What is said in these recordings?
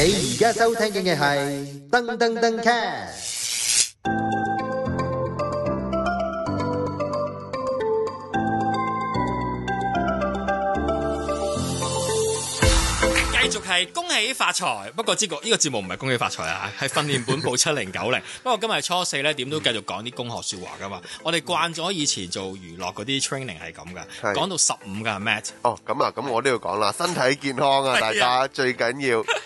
你而家收聽嘅係噔噔噔 cast，繼續係恭喜發財。不過呢個呢個節目唔係恭喜發財啊，係訓練本部七零九零。不過今日係初四咧，點都繼續講啲工學說話噶嘛。我哋慣咗以前做娛樂嗰啲 training 係咁噶，是講到十五噶，Matt。哦，咁啊，咁我都要講啦，身體健康啊， 大家 最緊要。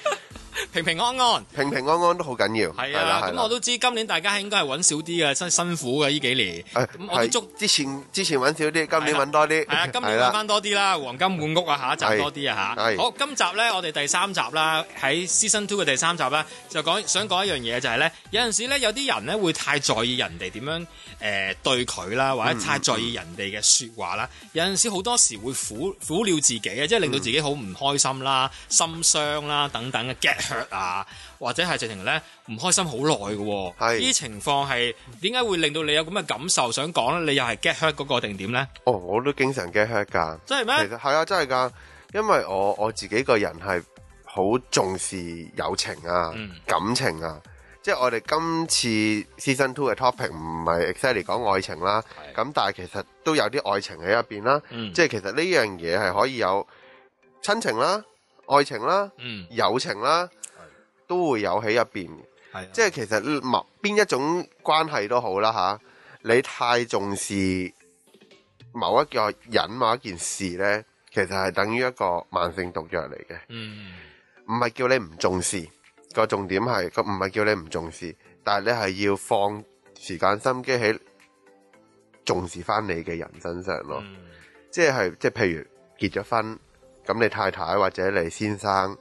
平平安安，平平安安都好緊要。係啊，咁我都知今年大家應該係揾少啲嘅，辛苦嘅呢幾年。咁我哋祝之前之前揾少啲，今年揾多啲。係啊，今年揾翻多啲啦，黃金滿屋啊，下一集多啲啊吓。好，今集咧，我哋第三集啦，喺 Season Two 嘅第三集啦，就講想講一樣嘢，就係咧，有陣時咧，有啲人咧會太在意人哋點樣誒對佢啦，或者太在意人哋嘅說話啦，有陣時好多時會苦苦了自己啊，即係令到自己好唔開心啦、心傷啦等等嘅 get。啊，或者係直情咧，唔開心好耐嘅，呢啲是情況係點解會令到你有咁嘅感受？想講咧，你又係 get hurt 嗰、嗰個定點咧？哦，我都經常 get hurt 噶真係咩？其實係啊，真係噶因為我我自己個人係好重視友情啊、嗯、感情啊，即係我哋今次 season two 嘅 topic 唔係 exactly 講愛情啦，咁是但係其實都有啲愛情喺入邊啦，嗯、即係其實呢樣嘢係可以有親情啦、愛情啦、嗯、友情啦。都會有喺入邊，啊、即係其實某邊一種關係都好啦吓、啊，你太重視某一個人某一件事呢，其實係等於一個慢性毒藥嚟嘅。嗯，唔係叫你唔重視，個重點係，唔係叫你唔重視，但係你係要放時間心機喺重視翻你嘅人身上咯、嗯。即係即係，譬如結咗婚咁，你太太或者你先生。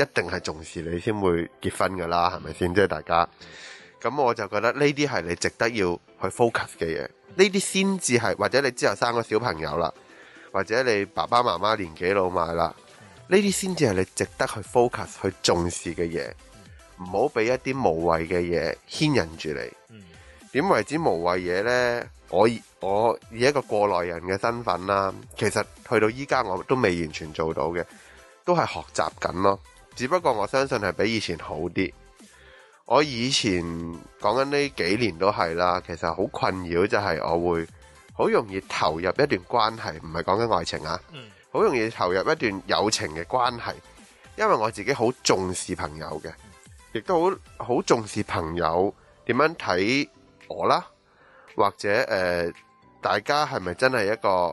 一定係重視你先會結婚噶啦，係咪先？即係大家咁，那我就覺得呢啲係你值得要去 focus 嘅嘢，呢啲先至係，或者你之後生個小朋友啦，或者你爸爸媽媽年紀老邁啦，呢啲先至係你值得去 focus 去重視嘅嘢，唔好俾一啲無謂嘅嘢牽引住你。點為之無謂嘢呢？我我以一個過來人嘅身份啦，其實去到依家我都未完全做到嘅，都係學習緊咯。只不過我相信係比以前好啲。我以前講緊呢幾年都係啦，其實好困擾就係我會好容易投入一段關係，唔係講緊愛情啊，好容易投入一段友情嘅關係，因為我自己好重視朋友嘅，亦都好好重視朋友點樣睇我啦，或者誒、呃、大家係咪真係一個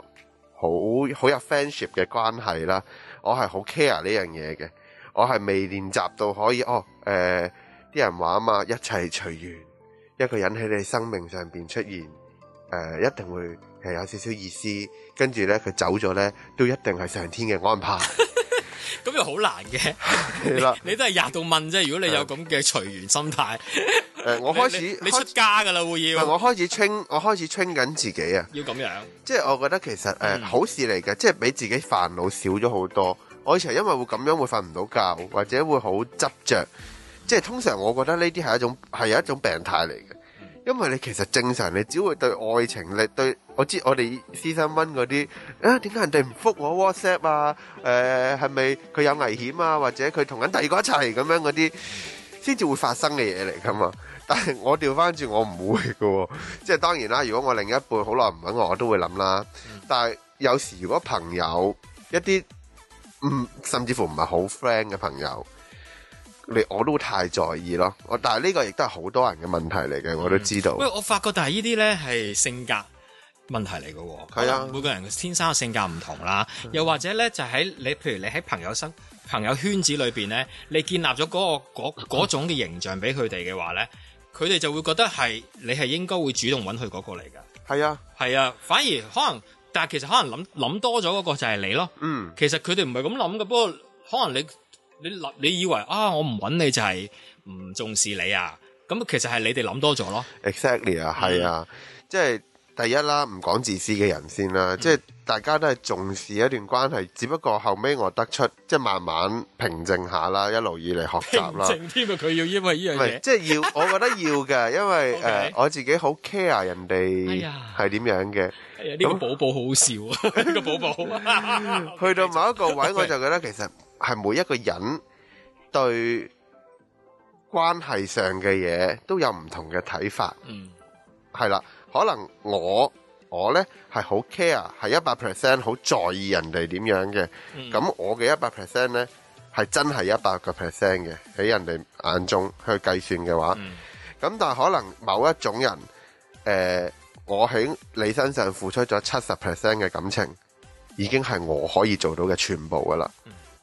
好好有 friendship 嘅關係啦？我係好 care 呢樣嘢嘅。我係未練習到可以哦，啲、呃、人話啊嘛，一切隨緣，一個引起你生命上面出現誒、呃，一定會係有少少意思，跟住咧佢走咗咧，都一定係上天嘅安排。咁又好難嘅，你都係日度問啫。如果你有咁嘅隨緣心態，我開始你出家噶啦會要？我開始清， 我開始清緊自己啊，要咁樣，即係我覺得其實誒、呃、好事嚟嘅，嗯、即係比自己煩惱少咗好多。我以前係因為會咁樣會瞓唔到覺，或者會好執着。即係通常我覺得呢啲係一種係有一種病態嚟嘅，因為你其實正常你只會對愛情，你對我知我哋私生蚊嗰啲啊，點解人哋唔復我 WhatsApp 啊？誒、呃，係咪佢有危險啊？或者佢同緊第二個一齊咁樣嗰啲，先至會發生嘅嘢嚟㗎嘛？但係我調翻轉我唔會嘅，即係當然啦。如果我另一半好耐唔揾我，我都會諗啦。但係有時如果朋友一啲，嗯，甚至乎唔係好 friend 嘅朋友，你我都太在意咯。我但係呢個亦都係好多人嘅問題嚟嘅，我都知道。嗯、喂，我發覺就係呢啲咧，係性格問題嚟嘅。係啊，每個人的天生嘅性格唔同啦。嗯、又或者咧，就喺、是、你，譬如你喺朋友生朋友圈子裏邊咧，你建立咗嗰、嗰個嗰嗰種嘅形象俾佢哋嘅話咧，佢哋、嗯、就會覺得係你係應該會主動揾佢嗰個嚟㗎。係啊，係啊，反而可能。但係其實可能諗諗多咗嗰個就係你咯，嗯、其實佢哋唔係咁諗嘅，不過可能你你諗你以為啊，我唔揾你就係唔重視你啊，咁、嗯、其實係你哋諗多咗咯。Exactly、嗯、啊，係啊，即係。第一啦，唔講自私嘅人先啦，嗯、即係大家都係重視一段關係，只不過後尾我得出即係慢慢平靜下啦，一路以嚟學習啦。平靜添啊！佢要因為呢樣嘢，即係要我覺得要嘅， 因為誒 Okay、呃、我自己好 care 人哋係點樣嘅咁。寶寶好好笑啊！呢、哎這個寶寶去到某一個位，我就覺得其實係每一個人對關係上嘅嘢都有唔同嘅睇法。嗯。係啦，可能我我咧係好 care，係一百 percent 好在意人哋點樣嘅。咁、嗯、我嘅一百 percent 咧係真係一百個 percent 嘅，喺人哋眼中去計算嘅話，咁、嗯、但係可能某一種人，誒、呃，我喺你身上付出咗七十 percent 嘅感情，已經係我可以做到嘅全部噶啦。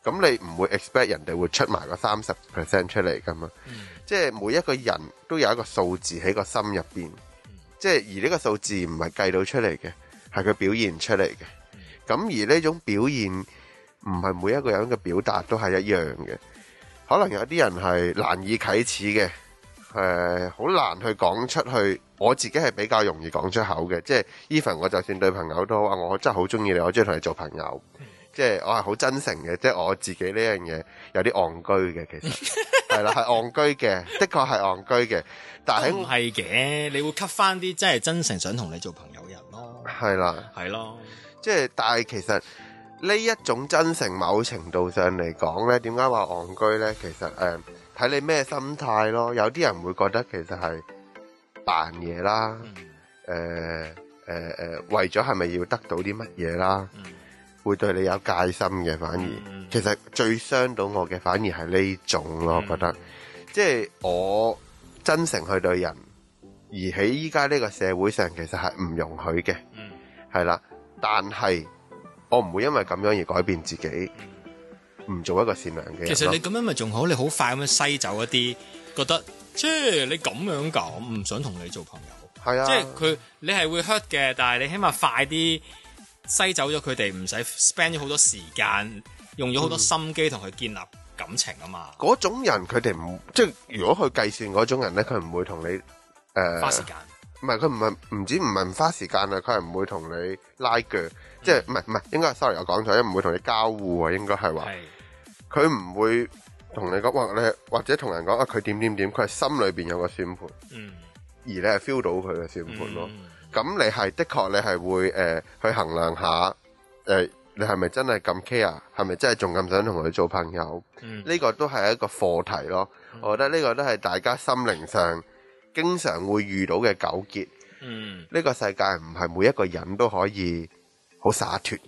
咁、嗯、你唔會 expect 人哋會出埋個三十 percent 出嚟噶嘛？嗯、即係每一個人都有一個數字喺個心入邊。即係而呢個數字唔係計到出嚟嘅，係佢表現出嚟嘅。咁而呢種表現唔係每一個人嘅表達都係一樣嘅，可能有啲人係難以啟齒嘅，誒、呃、好難去講出去。我自己係比較容易講出口嘅，即係 even 我就算對朋友都好我真係好中意你，我中意同你做朋友，嗯、即係我係好真誠嘅，即係我自己呢樣嘢有啲戇居嘅其實。 係啦，係戇居嘅，的確係戇居嘅。但係唔係嘅，你會吸翻啲真係真誠想同你做朋友的人咯。係啦，係咯，即係，但係其實呢一種真誠，某程度上嚟講咧，點解話戇居咧？其實誒、睇、呃、你咩心態咯。有啲人會覺得其實係扮嘢啦，誒誒誒，為咗係咪要得到啲乜嘢啦？嗯會對你有戒心嘅，反而、嗯、其實最傷到我嘅，反而係呢種咯。嗯、我覺得即係我真誠去對人，而喺依家呢個社會上，其實係唔容許嘅，係啦、嗯。但係我唔會因為咁樣而改變自己，唔做一個善良嘅人。其實你咁樣咪仲好，你好快咁樣篩走一啲，覺得，即係你咁樣講，唔想同你做朋友。係啊的，即係佢你係會 hurt 嘅，但係你起碼快啲。篩走咗佢哋，唔使 spend 咗好多時間，用咗好多心機同佢建立感情啊嘛。嗰、嗯、種人佢哋唔即係，如果去計算嗰種人咧，佢唔、嗯、會同你誒、呃、花時間。唔係佢唔係唔止唔係唔花時間啊，佢係唔會同你拉鋸，即係唔係唔應該係 sorry，我講咗，唔會同你交互啊，應該係話。佢唔是會同你講話，你或者同人講啊，佢點點點，佢係心裏面有個算盤，嗯，而你係 feel 到佢嘅算盤咯。嗯。咁你係的確你係會誒、呃、去衡量下誒、呃、你係咪真係咁 care，係咪真係仲咁想同佢做朋友？呢、嗯、個都係一個課題咯。嗯、我覺得呢個都係大家心靈上經常會遇到嘅糾結。呢、嗯、個世界唔係每一個人都可以好灑脫，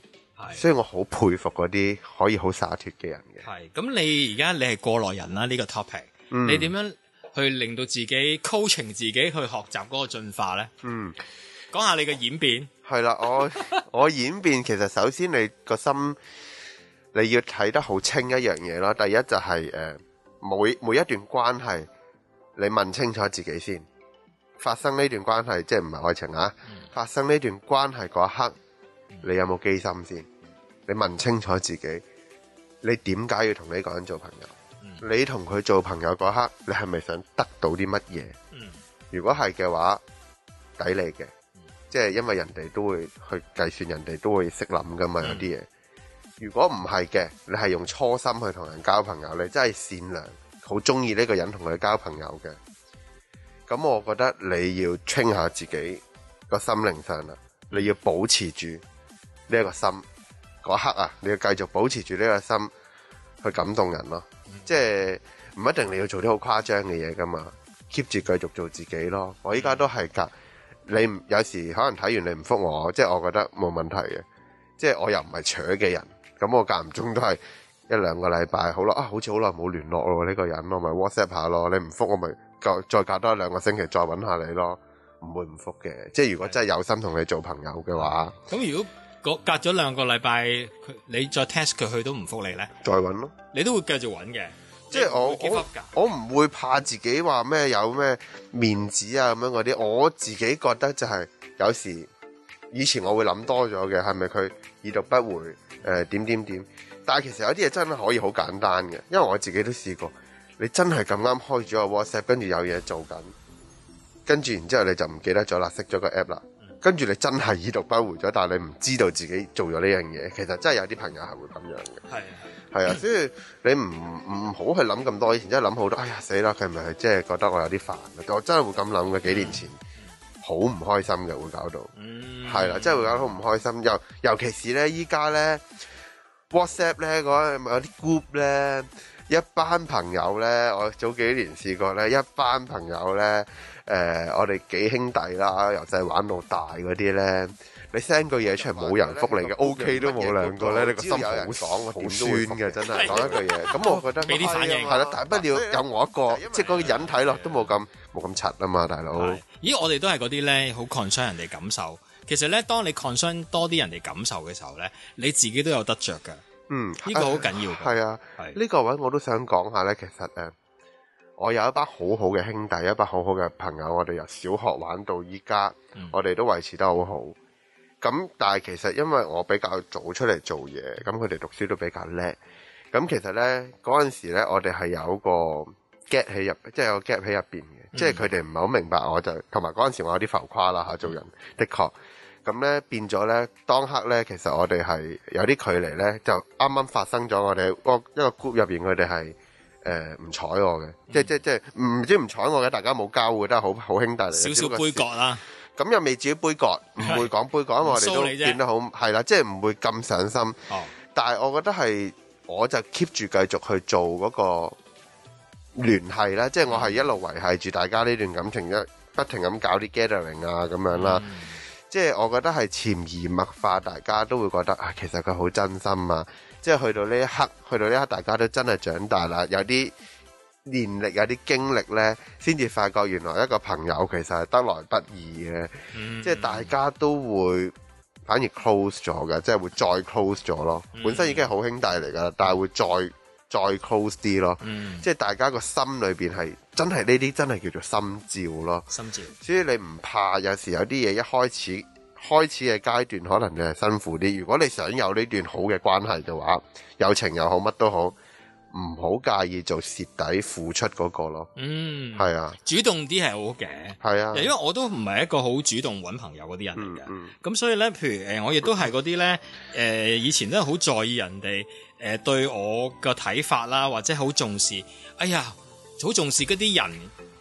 是所以我好佩服嗰啲可以好灑脫嘅人嘅。係咁，你而家你係過來人啦呢、這個 topic，、嗯、你點樣去令到自己 coaching 自己去學習嗰個進化呢？嗯。講下你嘅演變係啦 我我演變其實首先你個心你要睇得好清一樣嘢啦。第一就係、是、誒，每每一段關係，你問清楚自己先。發生呢段關係即係唔係愛情啊？發生呢段關係嗰一刻，嗯、你有冇機心先？你問清楚自己，你點解要同呢個人做朋友？嗯、你同佢做朋友嗰刻，你係咪想得到啲乜嘢？嗯、如果係嘅話，抵你嘅。即係因為人哋都會去計算，人哋都會識諗噶嘛，有啲嘢。如果唔係嘅，你係用初心去同人交朋友，你真係善良，好中意呢個人同佢交朋友嘅。咁我覺得你要 train 下自己個心靈上啦，你要保持住呢一個心。嗰刻啊，你要繼續保持住呢個心去感動人咯。即係唔一定你要做啲好誇張嘅嘢噶嘛，keep 住繼續做自己咯。我依家都係隔。你有時可能睇完你唔覆我，即係我覺得冇問題嘅，即係我又唔係扯嘅人，咁我間唔中都係一兩個禮拜好咯。啊，好似好耐冇聯絡咯呢個人，我咪 WhatsApp 下咯。你唔覆我咪再隔多兩個星期再揾下你咯，唔會唔覆嘅。即係如果真係有心同你做朋友嘅話，咁如果隔咗兩個禮拜，你再 test 佢，佢都唔覆你呢？再揾咯，你都會繼續揾嘅。.即係我我我唔會怕自己話咩有咩面子啊，咁樣嗰啲，我自己覺得就係有時以前我會諗多咗嘅，係咪佢已讀不回誒、呃、點點點，但係其實有啲嘢真係可以好簡單嘅，因為我自己都試過，你真係咁啱開咗個 WhatsApp，跟住有嘢做緊，跟住然之後你就唔記得咗啦，熄咗個 app 啦，跟住、嗯、你真係已讀不回咗，但係你唔知道自己做咗呢樣嘢，其實真係有啲朋友係會咁樣嘅。係。係啊，所以你唔唔好去諗咁多，以前真係諗好多。哎呀，死啦！佢咪係即係覺得我有啲煩，我真係會咁諗嘅。幾年前好唔開心嘅，會搞到，係啦，啊，真係會搞到好唔開心。尤尤其是咧，依家咧 WhatsApp 咧嗰，有啲 group 咧，一班朋友咧，我早幾年試過咧，一班朋友咧，誒，呃，我哋幾兄弟啦，由細玩到大嗰啲咧。你 send 個嘢出嚟冇人覆你嘅，O K 都冇兩個咧，你個心好爽，好酸嘅，真係講一句嘢。咁我覺得俾啲反應係啦，大不了有我一個，即係嗰個人睇落都冇咁冇咁柒啊嘛，大佬。咦，我哋都係嗰啲咧，好 concern 人哋感受。其實咧，當你 concern 多啲人哋感受嘅時候咧，你自己都有得着㗎。嗯，呢個好緊要。係啊，呢個位我都想講下咧，其實誒，我有一班好好嘅兄弟，一班好好嘅朋友，我哋由小學玩到依家，我哋都維持得好好。咁但係其實因為我比較早出嚟做嘢，咁佢哋讀書都比較叻。咁其實咧嗰陣時咧，我哋係有個 gap 喺入，即、就、係、是、有個 gap 喺入邊嘅。嗯、即係佢哋唔係好明白我就同埋嗰陣時我有啲浮誇啦吓、啊，做人、嗯、的確咁咧變咗咧，當刻咧其實我哋係有啲距離咧，就啱啱發生咗。我哋個一個 group 入邊，佢哋係誒唔睬我嘅、嗯，即係即係即係唔知唔睬我嘅。大家冇交嘅都係好好兄弟嚟，嘅。少，少杯葛啦。咁又未至於杯葛，唔會講杯葛，是因為我哋都見得好，係啦，即係唔會咁上心。哦、但係我覺得係，我就 keep 住繼續去做嗰個聯繫啦，即、就、係、是、我係一路維繫住大家呢段感情，一、嗯、不停咁搞啲 gathering 啊咁樣啦。即係、嗯、我覺得係潛移默化，大家都會覺得啊，其實佢好真心啊。即、就、係、是、去到呢一刻，去到呢一刻，大家都真係長大啦，有啲。年歷有啲經歷呢，先至發覺原來一個朋友其實係得來不易嘅，嗯、即係大家都會反而 close 咗嘅，即係會再 close 咗咯。嗯、本身已經係好兄弟嚟噶，但係會再再 close 啲咯。嗯、即係大家個心裏面係真係呢啲真係叫做心照咯。心照。所以你唔怕，有時候有啲嘢一開始一開始嘅階段可能就係辛苦啲。如果你想有呢段好嘅關係嘅話，友情又好，乜都好。唔好介意做蝕底付出嗰個咯，嗯，係啊，主動啲係好嘅，係啊，因為我都唔係一個好主動揾朋友嗰啲人嚟嘅，咁、嗯嗯、所以咧，譬如、呃、我亦都係嗰啲咧，以前都係好在意人哋誒、呃、對我嘅睇法啦，或者好重視，哎呀，好重視嗰啲人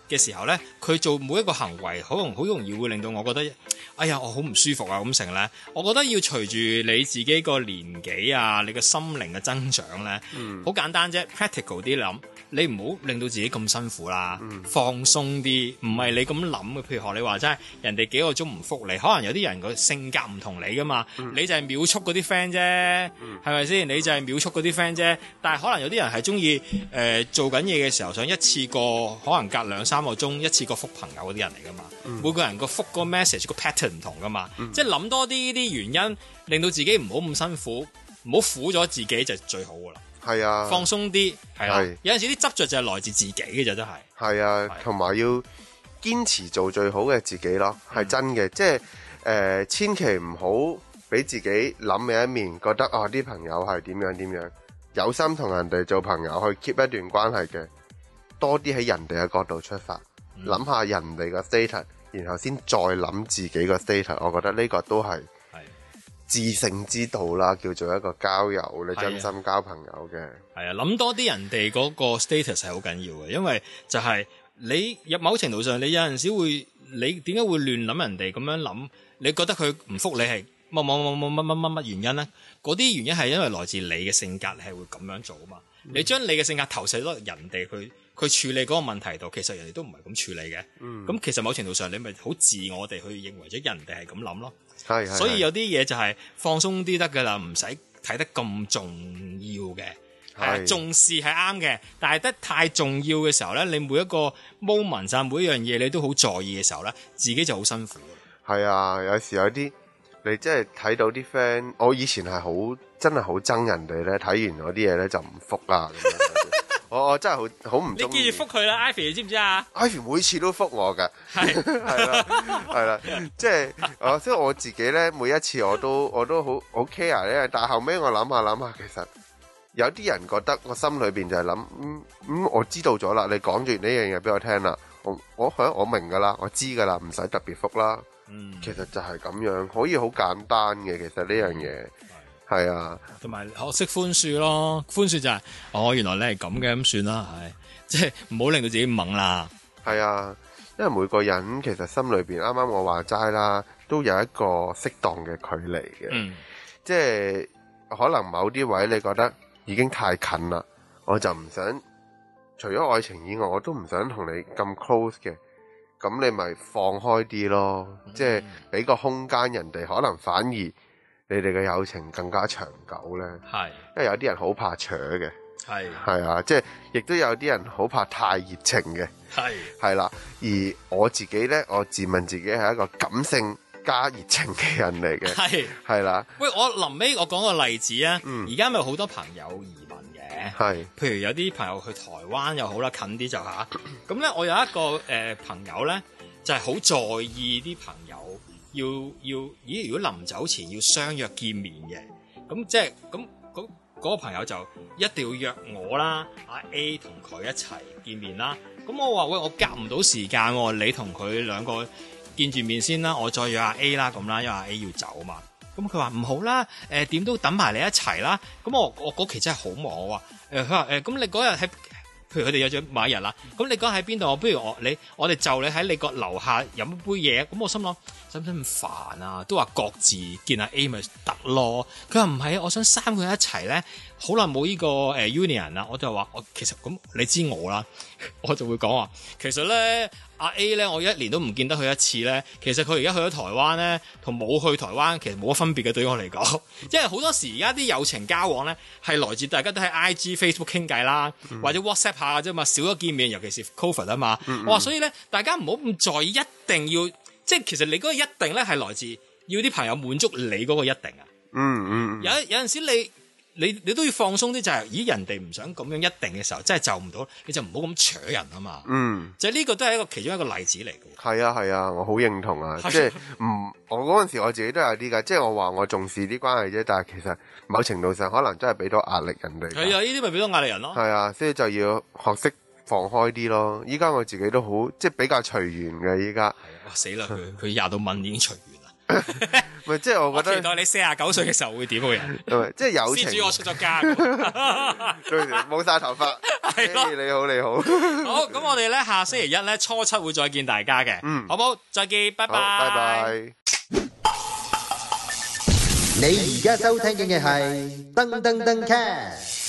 嘅時候呢，佢做每一個行為，可能好容易會令到我覺得，哎呀，我好唔舒服啊！咁成呢，我覺得要隨住你自己個年紀啊，你個心靈嘅增長呢，好、嗯、簡單啫，practical 啲諗。你唔好令到自己咁辛苦啦，放鬆啲，唔係你咁諗嘅。譬如話你話真係人哋幾個鐘唔覆你，可能有啲人個性格唔同你噶嘛。你就係秒速嗰啲 friend 啫，係咪先？你就係秒速嗰啲 friend 啫。但係可能有啲人係中意誒做緊嘢嘅時候，想一次過可能隔兩三個鐘一次過覆朋友嗰啲人嚟噶嘛。嗯、每個人個覆個 message 個 pattern 唔同噶嘛，嗯、即係諗多啲啲原因，令到自己唔好咁辛苦，唔好苦咗自己就最好噶啦。係啊，放鬆啲，係有陣時啲執着就係來自自己嘅，就都係。係啊，同埋、啊啊、要堅持做最好嘅自己咯，係、嗯、真嘅。即係誒，千祈唔好俾自己諗另一面，覺得哦啲、啊、朋友係點樣點樣，有心同人哋做朋友去 keep 一段關係嘅，多啲喺人哋嘅角度出發，諗、嗯、下人哋嘅 state，然後先再諗自己嘅 state。我覺得呢個都係。自省之道啦，叫做一個交友，你真心交朋友嘅。係啊，諗、啊、多啲人哋嗰個 status 係好緊要嘅，因為就係你入某程度上，你有陣時會，你點解會亂諗人哋咁樣諗？你覺得佢唔覆你係？冇冇乜乜乜乜原因咧？嗰啲原因係因為來自你嘅性格，你係會咁樣做啊嘛。你將你嘅性格投射到人哋去去處理嗰個問題度，其實人哋都唔係咁處理嘅。咁、嗯、其實某程度上你咪好自我地去認為咗人哋係咁諗咯。係，所以有啲嘢就係放鬆啲得噶啦，唔使睇得咁重要嘅。係是重視係啱嘅，但係得太重要嘅時候咧，你每一個 moment，每一樣嘢，你都好在意嘅時候咧，自己就好辛苦。係啊，有時有啲。你即係睇到啲 friend，我以前係好真係好憎人哋咧，睇完我啲嘢咧就唔覆啦。我我真係好好唔中意。不你覆佢啦，Ivy，你知唔知啊？Ivy 每次都覆我噶，係係啦，係啦 的，即係， 哦，即、就、係、是、 我,我自己咧，每一次我都我都好 ok 啊，但係後尾我諗下諗下，其實有啲人覺得我心裏邊就係諗，咁、嗯、咁、嗯、我知道咗啦，你講完呢樣嘢俾我聽啦，我我係我明噶啦，我知噶啦，唔使特別覆啦。嗯，其實就係咁樣，可以好簡單嘅，其實呢樣嘢係啊，同埋學識寬恕咯，寬恕就係、是，哦原來你係咁嘅，咁、嗯、算啦，係，即係唔好令到自己猛啦，係啊，因為每個人其實心裏邊，啱啱我話齋啦，都有一個適當嘅距離嘅，嗯，即係可能某啲位你覺得已經太近啦，我就唔想，除咗愛情以外，我都唔想同你咁 close 嘅。咁你咪放開啲咯，嗯、即係俾個空間人哋，可能反而你哋嘅友情更加長久咧。係是，因為有啲人好怕扯嘅，係係是啊，即係亦都有啲人好怕太熱情嘅，係係啦。而我自己咧，我自問自己係一個感性加熱情嘅人嚟嘅，係係啦。啊、喂，我臨尾我講個例子啊，嗯、而家咪好多朋友。係，是譬如有啲朋友去台灣又好啦，近啲就下。咁、啊、咧，我有一個誒、呃、朋友咧，就係、是、好在意啲朋友要要，咦？如果臨走前要相約見面嘅，咁即係咁咁嗰個朋友就一定要約我啦，阿、啊、A 同佢一齊見面啦。咁我話喂，我夾唔到時間，你同佢兩個見住面先啦，我再約阿 A 啦咁啦，因為阿 A 要走嘛。咁佢話唔好啦，誒、呃、點都等埋你一齊啦。咁我我嗰期真係好忙喎。誒佢話誒，咁、呃、你嗰日喺，譬如佢哋有咗某一日啦，咁你嗰日喺邊度？我不如我你，我哋就你喺你個樓下飲一杯嘢。咁我心諗使唔使咁煩啊？都話各自見下 A 咪得咯。佢話唔係，我想三個人一齊咧。好耐冇呢個誒、呃、union 啦，我就話，我其實咁你知我啦，我就會講話其實咧，阿 A 咧，我一年都唔見得佢一次咧，其實佢而家去咗台灣咧，同冇去台灣其實冇乜分別嘅，對我嚟講，因為好多時而家啲友情交往咧係來自大家都喺 I G Facebook 傾偈啦，嗯、或者 WhatsApp 下嘅啫嘛，少咗見面，尤其是 Covid 啊嘛，嗯嗯、我話所以咧、嗯、大家唔好咁在意，一定要即係其實你嗰個一定咧係來自要啲朋友滿足你嗰個一定啊、嗯，嗯嗯，有有陣時你。你你都要放鬆啲，就係咦人哋唔想咁樣一定嘅時候，真係就唔到，你就唔好咁扯人啊嘛。嗯，就係呢個都係一個其中一個例子嚟嘅。係啊係啊，我好認同啊，即係唔我嗰陣時我自己都有啲㗎，即係我話我重視啲關係啫，但係其實某程度上可能真係俾到壓力人哋。係啊，呢啲咪俾到壓力人咯。係啊，所以就要學識放開啲咯。依家我自己都好即係比較隨緣嘅依家。係啊，哇死啦佢佢廿到敏已經隨緣。唔係，即係、 就是、我覺得，期待你四啊九歲嘅時候會點個人，即係 友情。我出咗家，冇晒頭髮，係咯。你好，你好，好。咁對的 我哋咧下星期一咧初七會再見大家嘅，嗯，好唔好？再見，好 bye bye 拜拜，拜拜。你而家收聽緊嘅係登登登 cast。